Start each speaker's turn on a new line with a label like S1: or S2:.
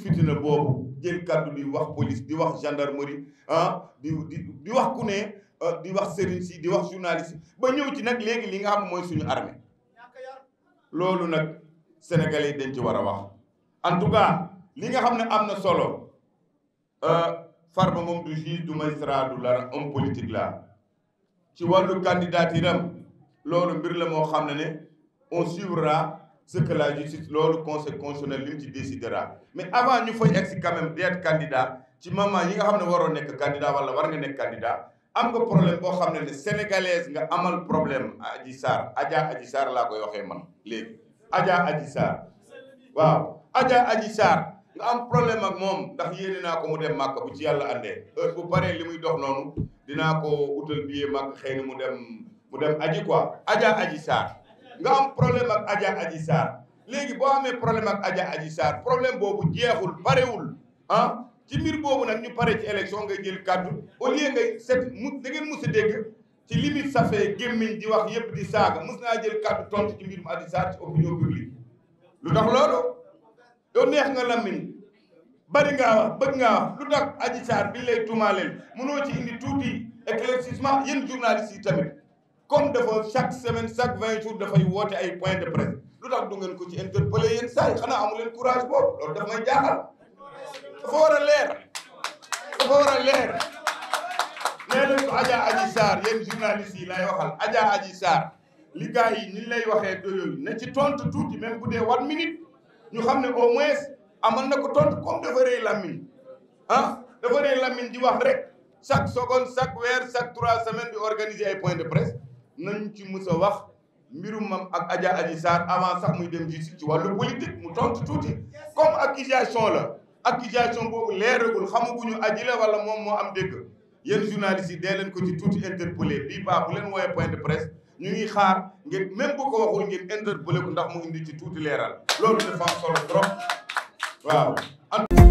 S1: fitina boobu jël kàddu di wax police di wax gendarmerie ah di di di wax ku ne ah, di wax sëriñ si di wax journaliste ba ñëw ci nag léegi li nga xam mooy suñu armée loolu nag sénégalais dañ ci war a wax en tout cas li nga xam ne am na solo ah, Farba moom du juge du magistrat la homme politique la ci wàllu candidature loolu mbir la moo xam ne ne on suivra ce que la justice loolu conseil constitutionnel li mu ci décidera mais avant ñu fay egsi quand même di être candidat ci moment yi nga xam ne waroo nekk candidat wala war nga nekk candidat am nga problème boo xam ne ne sénégalaise nga amal problème aji Sarr Adja aji Sarr laa koy waxee man léegi Adja aji Sarr waaw Adja aji Sarr nga am problème ak moom ndax yéene naa ko mu dem màkk bu ci yàlla àndee heure bu paree li muy dox noonu dinaa ko utal billet màkk xëy na mu dem mu dem aji quoi Adja Adji Sarr nga am problème ak Adja Adji Sarr léegi boo amee problème ak Adja Adji Sarr problème boobu jeexul parewul ah ci mbir boobu nag ñu pare ci élection nga jël kàddu au lieu ngay set mu da ngeen mus a dégg ci limite safee gémmiñ di wax yëpp di saaga mus naa jël kàddu tontu ci mbirum Adji Sarr ci opinion publique lu tax loolu yow neex nga lammiñ bari nga bëgg nga lu tax Adji Sarr bi lay tuumaaleel mënoo ci indi tuuti éclaircissement yéen journalistes yi tamit comme dafa chaque semaine chaque vingt jours dafay woote ay point de presse lu tax du ngeen ko ci interpeller yéen saa yi xanaa amu leen courage boobu loolu daf jaaxal dafa war a leer dafa war a leer nee leen ko Adja Adji Sarr yéen journaliste yi lay waxal Adja Adji Sarr li gars yi ni lay waxee doyooyu na ci tont tuuti même bu dee one minute ñu xam ne au moins amal na ko tontu comme dafa rëy Lamine ah dafa rëy Lamine di wax rek chaque seconde chaque weer chaque trois semaines di organiser ay point de presse nañ ci mus a wax mbirum mam ak Adja Adji Sarr avant sax muy dem justice ci wàllu politique mu tontu tuuti comme accusation la accusation boobu leeragul ñu aji la wala moom moo am dégg yéen journalistes yi dee leen ko ci tuuti interpellé bii baa bu leen wooyee point de presse ñu ngi xaar ngeen même bu ko waxul ngeen interpellé ko ndax mu indi ci tuuti leeral loolu dafa am solo trop waaw